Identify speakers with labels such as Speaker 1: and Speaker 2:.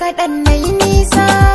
Speaker 1: kaɗan na yi